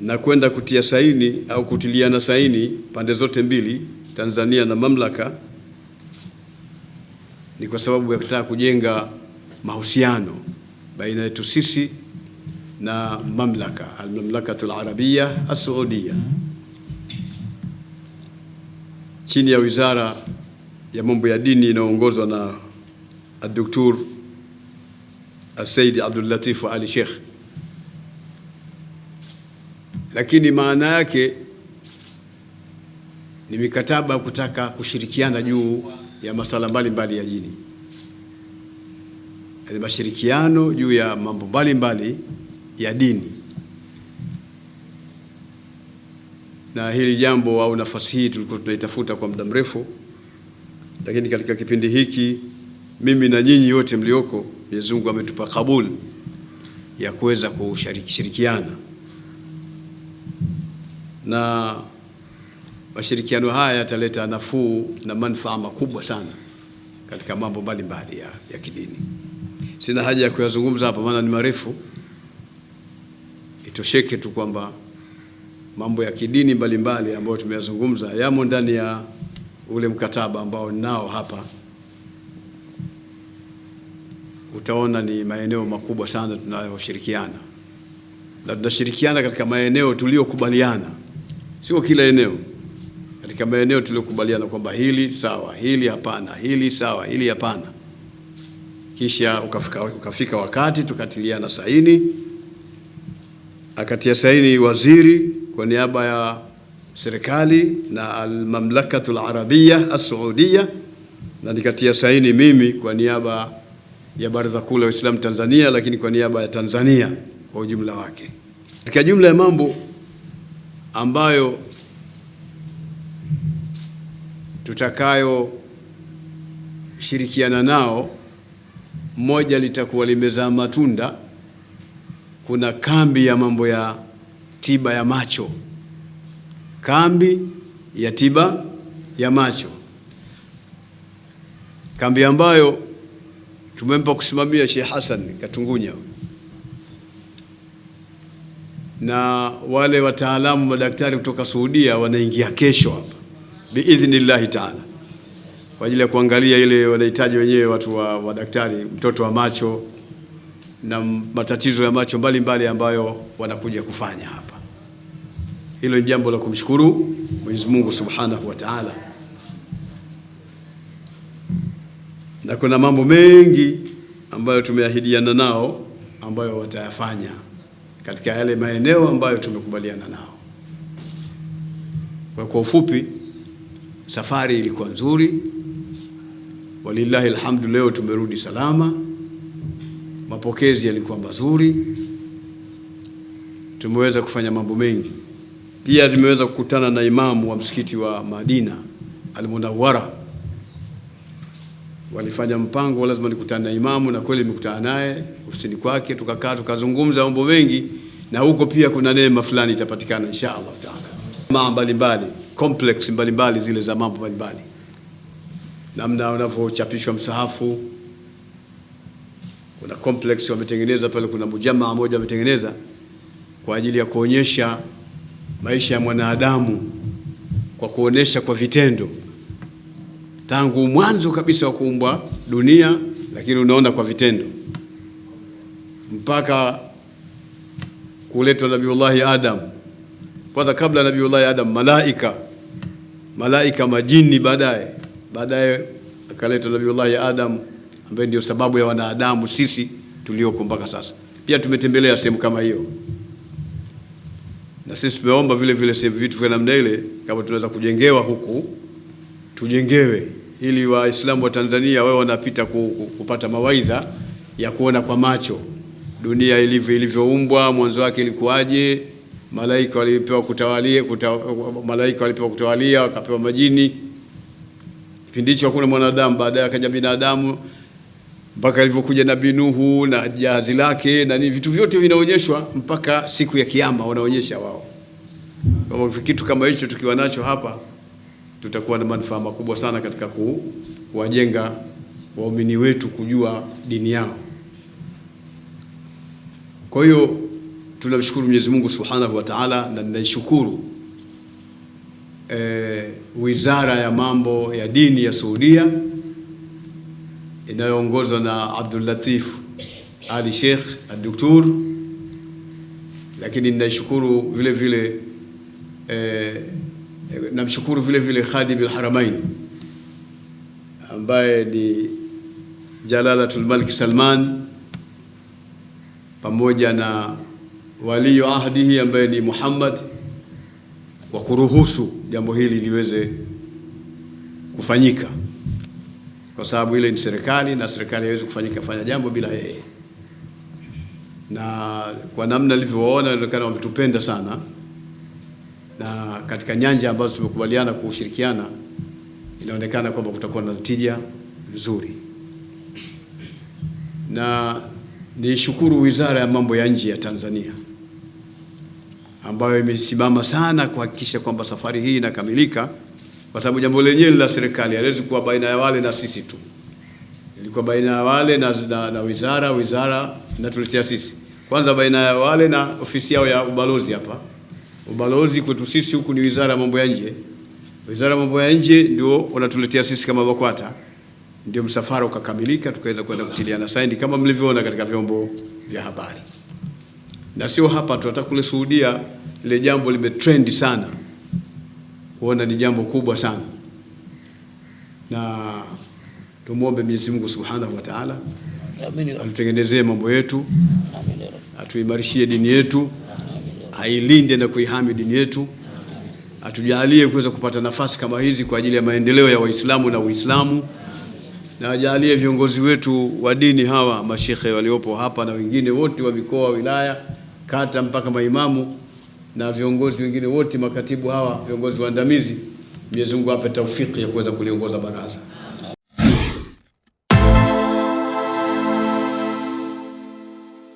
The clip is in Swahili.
na kwenda kutia saini au kutiliana saini pande zote mbili, Tanzania na mamlaka, ni kwa sababu ya kutaka kujenga mahusiano baina yetu sisi na mamlaka almamlakatu Arabia asaudia chini ya wizara ya mambo ya dini inayoongozwa na Adoktur Asaidi Abdul Latif Ali Sheikh lakini maana yake ni mikataba kutaka kushirikiana juu ya masuala mbalimbali ya dini, ni yaani mashirikiano juu ya mambo mbalimbali ya dini. Na hili jambo au nafasi hii tulikuwa tunaitafuta kwa muda mrefu, lakini katika kipindi hiki mimi na nyinyi yote mlioko, Mwenyezi Mungu ametupa kabul ya kuweza kushirikiana na mashirikiano haya yataleta nafuu na manufaa makubwa sana katika mambo mbalimbali ya, ya kidini. Sina haja ya kuyazungumza hapa, maana ni marefu. Itosheke tu kwamba mambo ya kidini mbalimbali ambayo tumeyazungumza yamo ndani ya ule mkataba ambao ninao hapa. Utaona ni maeneo makubwa sana tunayoshirikiana, na tunashirikiana katika maeneo tuliyokubaliana sio kila eneo, katika maeneo tuliokubaliana kwamba hili sawa, hili hapana, hili sawa, hili hapana. Kisha ukafika, ukafika wakati tukatiliana saini, akatia saini waziri kwa niaba ya serikali na almamlakatu larabia asaudia na nikatia saini mimi kwa niaba ya Baraza Kuu la Waislamu Tanzania, lakini kwa niaba ya Tanzania kwa ujumla wake. Katika jumla ya mambo ambayo tutakayoshirikiana nao, moja litakuwa limezaa matunda. Kuna kambi ya mambo ya tiba ya macho, kambi ya tiba ya macho, kambi ambayo tumempa kusimamia Sheikh Hassan Katungunya na wale wataalamu madaktari kutoka Saudia wanaingia kesho hapa biidhnillahi taala kwa ajili ya kuangalia ile wanahitaji wenyewe watu wa madaktari, mtoto wa macho na matatizo ya macho mbalimbali mbali ambayo wanakuja kufanya hapa. Hilo ni jambo la kumshukuru Mwenyezi Mungu Subhanahu wa Ta'ala, na kuna mambo mengi ambayo tumeahidiana nao ambayo watayafanya katika yale maeneo ambayo tumekubaliana nao. Kwa ufupi, safari ilikuwa nzuri, walillahi alhamdu, leo tumerudi salama. Mapokezi yalikuwa mazuri, tumeweza kufanya mambo mengi. Pia tumeweza kukutana na imamu wa msikiti wa Madina Almunawara walifanya mpango, lazima nikutane na imamu, na kweli nimekutana naye ofisini kwake, tukakaa tukazungumza mambo mengi, na huko pia kuna neema fulani itapatikana inshallah taala, mambo mbalimbali complex mbalimbali zile za mambo mbalimbali, namna unavyochapishwa msahafu. Kuna complex wametengeneza pale, kuna mujamaa moja wametengeneza kwa ajili ya kuonyesha maisha ya mwanadamu kwa kuonesha kwa vitendo tangu mwanzo kabisa wa kuumbwa dunia, lakini unaona kwa vitendo mpaka kuletwa Nabiullahi Adam. Kwanza kabla Nabiullahi Adam, malaika malaika, majini, baadaye baadaye akaletwa Nabiullahi Adam ambaye ndio sababu ya wanadamu sisi tulioko mpaka sasa. Pia tumetembelea sehemu kama hiyo, na sisi tumeomba vile vile sehemu vitu vya namna ile, kama tunaweza kujengewa huku tujengewe, ili Waislamu wa Tanzania wao wanapita kupata mawaidha ya kuona kwa macho dunia ilivyo ilivyoumbwa, mwanzo wake ilikuwaje, malaika walipewa kutawalia, kuta, malaika walipewa kutawalia, wakapewa majini. Kipindi hicho hakuna mwanadamu, baadaye akaja binadamu mpaka alivyokuja Nabii Nuhu na jahazi lake na ni vitu vyote vinaonyeshwa mpaka siku ya Kiyama, wanaonyesha wao. Kitu kama hicho tukiwa nacho hapa tutakuwa na manufaa makubwa sana katika kuwajenga waumini wetu kujua dini yao. Kwa hiyo tunamshukuru Mwenyezi Mungu Subhanahu wa Ta'ala, na ninaishukuru e, Wizara ya Mambo ya Dini ya Saudia inayoongozwa na Abdul Latif Ali Sheikh al lakini ninaishukuru vile vile e, Namshukuru vile vile Khadim al-Haramain ambaye ni Jalalatul Malik Salman pamoja na waliyu ahdihi ambaye ni Muhammad wa kuruhusu jambo hili liweze kufanyika, kwa sababu ile ni serikali na serikali haiwezi kufanyika fanya jambo bila yeye, na kwa namna nilivyowaona inaonekana wametupenda sana na katika nyanja ambazo tumekubaliana ushirikiana, inaonekana kwamba kutakuwa na tija nzuri, na nishukuru Wizara ya Mambo ya Nje ya Tanzania ambayo imesimama sana kuhakikisha kwamba safari hii inakamilika, kwa sababu jambo lenyewe la serikali haliwezi kuwa baina ya wale na sisi tu, ilikuwa baina ya wale na, na, na wizara wizara inatuletea sisi, kwanza baina ya wale na ofisi yao ya ubalozi hapa Ubalozi kwetu sisi huku ni wizara ya mambo ya nje. Wizara ya mambo ya nje ndio wanatuletea sisi kama BAKWATA, ndio msafara ukakamilika, tukaweza kwenda kutiliana saini kama mlivyoona katika vyombo vya habari, na sio hapa tu, hata kule Saudia ile jambo limetrend sana, kuona ni jambo kubwa sana, na tumwombe Mwenyezi Mungu Subhanahu wa Ta'ala, atutengenezee mambo yetu, atuimarishie dini yetu ailinde na kuihami dini yetu, atujalie kuweza kupata nafasi kama hizi kwa ajili ya maendeleo ya Waislamu na Uislamu, na ajalie viongozi wetu wa dini hawa mashekhe waliopo hapa na wengine wote wa mikoa, wilaya, kata mpaka maimamu na viongozi wengine wote, makatibu hawa, viongozi waandamizi. Mwenyezi Mungu ape taufiki ya kuweza kuliongoza baraza.